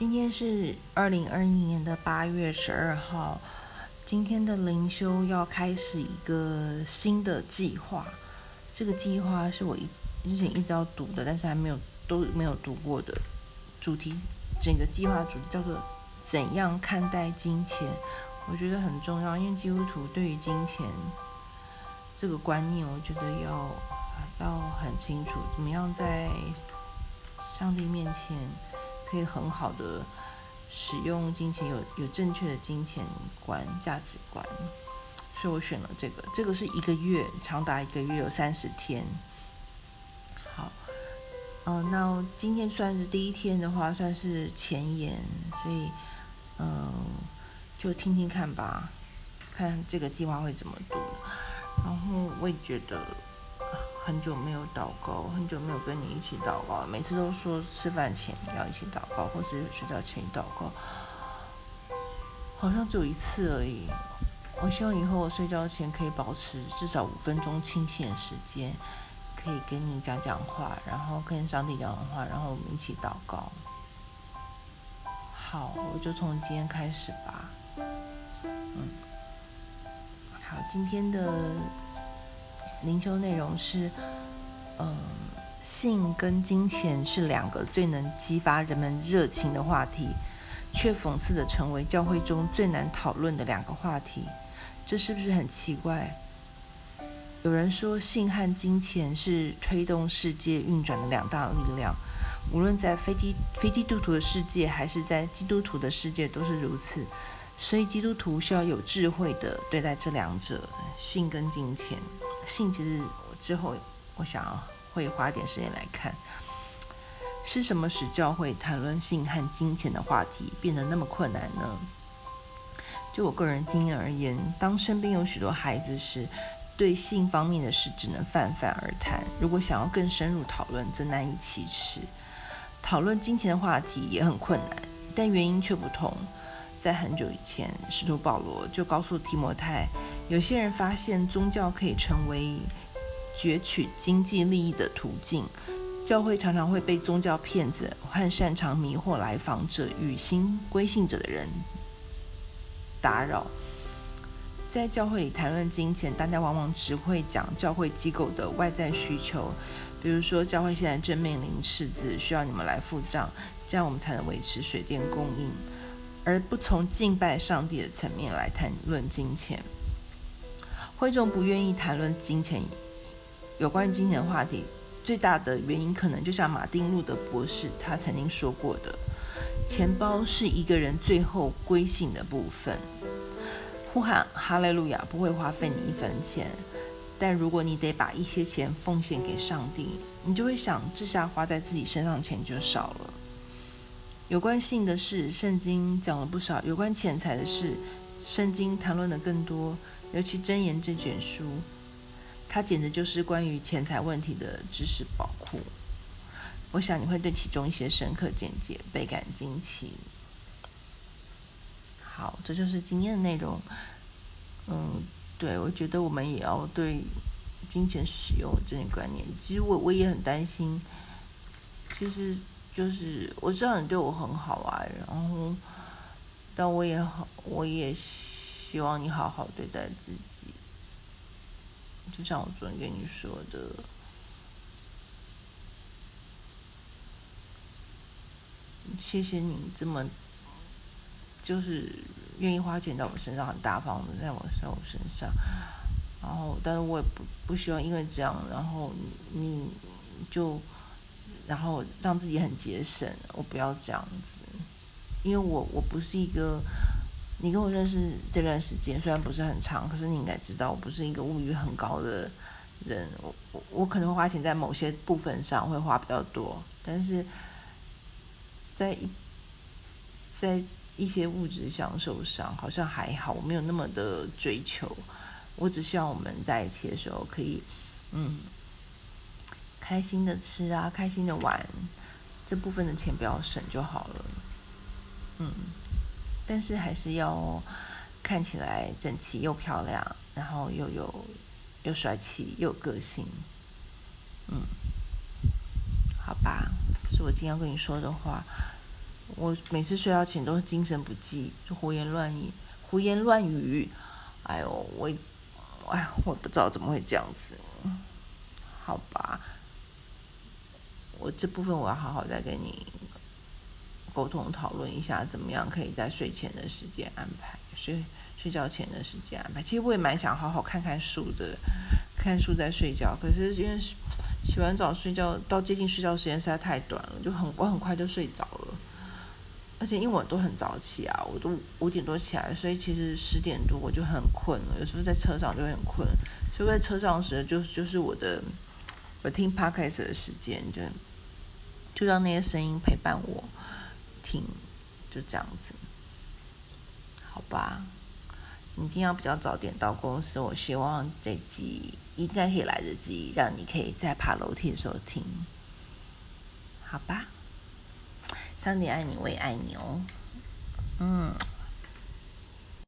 今天是二零二一年的八月十二號，今天的靈修要開始一個新的計劃。這個計劃是我一之前一直要讀的，但是還沒有都沒有讀過的主題。整個計劃的主題叫做“怎樣看待金錢”，我覺得很重要，因為基督徒對於金錢這個觀念，我覺得要要很清楚，怎麼樣在上帝面前。可以很好的使用金錢，有有正確的金錢觀、價值觀，所以我選了這個。這個是一個月，長達一個月有三十天。好，嗯，那今天算是第一天的話，算是前言，所以嗯，就聽聽看吧，看這個計劃會怎麼讀，然後我也覺得。很久沒有禱告，很久沒有跟你一起禱告。每次都說吃飯前要一起禱告，或是睡覺前禱告，好像只有一次而已。我希望以後我睡覺前可以保持至少五分鐘清醒的時間，可以跟你講講話，然後跟上帝講講話，然後我們一起禱告。好，我就從今天開始吧。嗯，好，今天的。靈修內容是：嗯，性跟金錢是兩個最能激發人們熱情的話題，卻諷刺地成為教會中最難討論的兩個話題。這是不是很奇怪？有人說，性和金錢是推動世界運轉的兩大力量，無論在非基非基督徒的世界，還是在基督徒的世界，都是如此。所以基督徒需要有智慧的對待這兩者，性跟金錢。性其實之後我想要會花點時間來看，是什麼使教會談論性和金錢的話題變得那麼困難呢？就我個人經驗而言，當身邊有許多孩子時，對性方面的事只能泛泛而談；如果想要更深入討論，則難以啟齒。討論金錢的話題也很困難，但原因卻不同。在很久以前，使徒保羅就告訴提摩太，有些人發現宗教可以成為攫取經濟利益的途徑，教會常常會被宗教騙子和擅長迷惑來訪者與新歸信者的人打擾。在教會裡談論金錢，大家往往只會講教會機構的外在需求，比如說教會現在正面臨赤字，需要你們來付賬，這樣我們才能維持水電供應。而不從敬拜上帝的層面來談論金錢，會眾不願意談論金錢，有關於金錢的話題，最大的原因可能就像馬丁路德博士他曾經說過的：“錢包是一個人最後歸信的部分。呼喊哈利路亞不會花費你一分錢，但如果你得把一些錢奉獻給上帝，你就會想，這下花在自己身上錢就少了。”有關性的事，聖經講了不少；有關錢財的事，聖經談論的更多，尤其《箴言》這卷書，它簡直就是關於錢財問題的知識寶庫。我想你會對其中一些深刻見解倍感驚奇。好，這就是今天的內容。嗯，對，我覺得我們也要對金錢使用這些觀念。其實我，我我也很擔心，其實。就是我知道你對我很好啊，然後，但我也好，我也希望你好好對待自己。就像我昨天跟你說的，謝謝你這麼，就是願意花錢在我身上，很大方的在我在我身上。然後，但是我也不不希望因為這樣，然後你，你就。然後讓自己很節省，我不要這樣子，因為我我不是一個，你跟我認識這段時間雖然不是很長，可是你應該知道我不是一個物欲很高的人，我我，我可能會花錢在某些部分上會花比較多，但是在一在一些物質享受上好像還好，我沒有那麼的追求，我只希望我們在一起的時候可以，嗯。開心的吃啊，開心的玩，這部分的錢不要省就好了。嗯，但是還是要看起來整齊又漂亮，然後又有又帥氣又有個性。嗯，好吧，是我今天要跟你說的話。我每次睡覺前都是精神不濟，就胡言亂語，胡言亂語。哎呦，我哎，我不知道怎麼會這樣子。好吧。我這部分我要好好再跟你溝通討論一下，怎麼樣可以在睡前的時間安排，睡睡覺前的時間安排。其實我也蠻想好好看看書的，看書再睡覺，可是因為洗完澡睡覺到接近睡覺時間實在太短了，就很我很快就睡着了。而且因為我都很早起啊，我都五,五點多起來，所以其實十點多我就很困了。有時候在車上就很困，所以在車上時就就是我的我聽 podcast 的時間就。就讓那些聲音陪伴我聽，聽就這樣子，好吧？你今天要比較早點到公司，我希望這集應該可以來得及，讓你可以在爬樓梯的時候聽，好吧？上帝愛你，我也愛你哦，嗯。